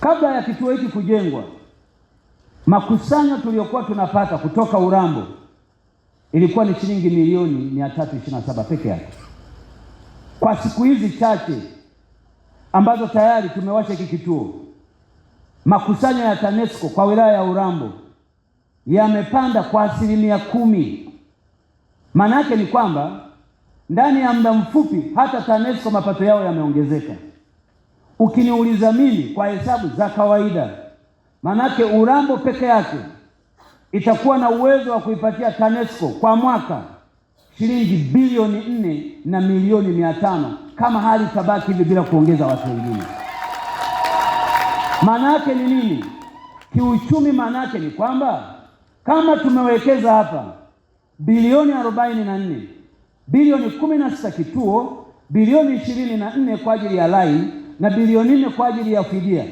Kabla ya kituo hiki kujengwa, makusanyo tuliyokuwa tunapata kutoka Urambo ilikuwa ni shilingi milioni 327 peke yake. Kwa siku hizi chache ambazo tayari tumewasha hiki kituo, makusanyo ya TANESCO kwa wilaya ya Urambo yamepanda kwa asilimia kumi. Maana yake ni kwamba ndani ya muda mfupi hata TANESCO mapato yao yameongezeka ukiniuliza mimi, kwa hesabu za kawaida, manake Urambo peke yake itakuwa na uwezo wa kuipatia TANESCO kwa mwaka shilingi bilioni nne na milioni mia tano kama hali tabaki hivi bila kuongeza watu wengine. Manake ni nini kiuchumi? Manake ni kwamba kama tumewekeza hapa bilioni arobaini na nne bilioni kumi na sita kituo bilioni ishirini na nne kwa ajili ya line na bilioni nne kwa ajili ya fidia.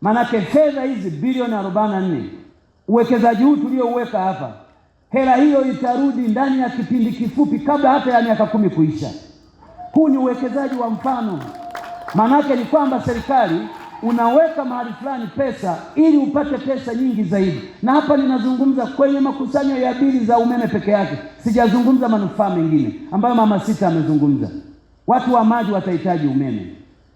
Maanake fedha hizi bilioni arobaini na nne uwekezaji huu tuliouweka hapa, hela hiyo itarudi ndani ya kipindi kifupi, kabla hata ya miaka kumi kuisha. Huu ni uwekezaji wa mfano. Maanake ni kwamba serikali unaweka mahali fulani pesa ili upate pesa nyingi zaidi, na hapa ninazungumza kwenye makusanyo ya bili za umeme peke yake, sijazungumza manufaa mengine ambayo mama sita amezungumza. Watu wa maji watahitaji umeme.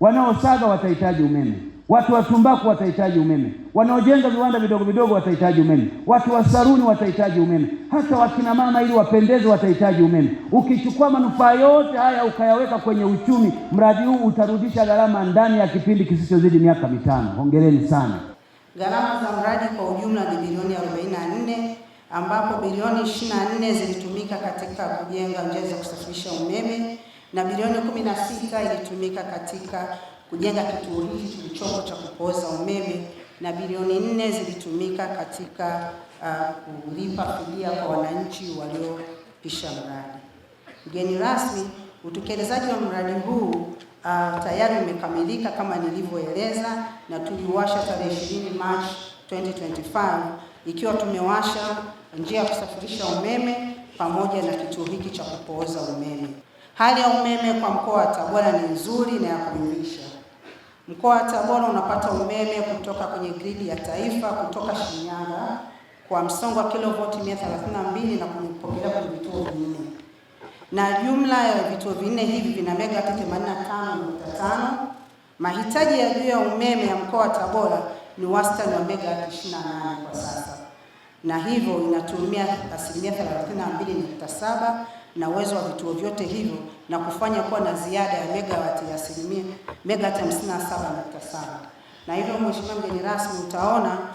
Wanaosaga watahitaji umeme, watu wa tumbaku watahitaji umeme, wanaojenga viwanda vidogo vidogo watahitaji umeme, watu wa saruni watahitaji umeme, hata wakina mama ili wapendeze watahitaji umeme. Ukichukua manufaa yote haya ukayaweka kwenye uchumi, mradi huu utarudisha gharama ndani ya kipindi kisichozidi miaka mitano. Hongereni sana. Gharama za mradi kwa ujumla ni bilioni 44 ambapo bilioni 24 zilitumika katika kujenga njia za kusafirisha umeme na bilioni sita ilitumika katika kujenga kituo hiki kilichoko cha kupooza umeme na bilioni nne zilitumika katika uh, kulipa fidia kwa wananchi waliopisha mradi. Mgeni rasmi, utekelezaji wa mradi huu uh, tayari umekamilika kama nilivyoeleza, na tuliwasha tarehe 20 Machi 2025 ikiwa tumewasha njia ya kusafirisha umeme pamoja na kituo hiki cha kupooza umeme. Hali ya umeme kwa mkoa wa Tabora ni nzuri na ya kuridhisha. Mkoa wa Tabora unapata umeme kutoka kwenye gridi ya taifa kutoka Shinyanga kwa msongo wa kilovoti 132 na kupokelewa kwenye vituo vinne, na jumla ya vituo vinne hivi vina megawati 85.5. Mahitaji ya juu ya umeme ya mkoa wa Tabora ni wastani wa megawati 28 kwa sasa na hivyo inatumia asilimia 32.7 na uwezo wa vituo vyote hivyo na kufanya kuwa na ziada ya megawati ya asilimia megawati 57.7 na hivyo, Mheshimiwa mgeni rasmi, utaona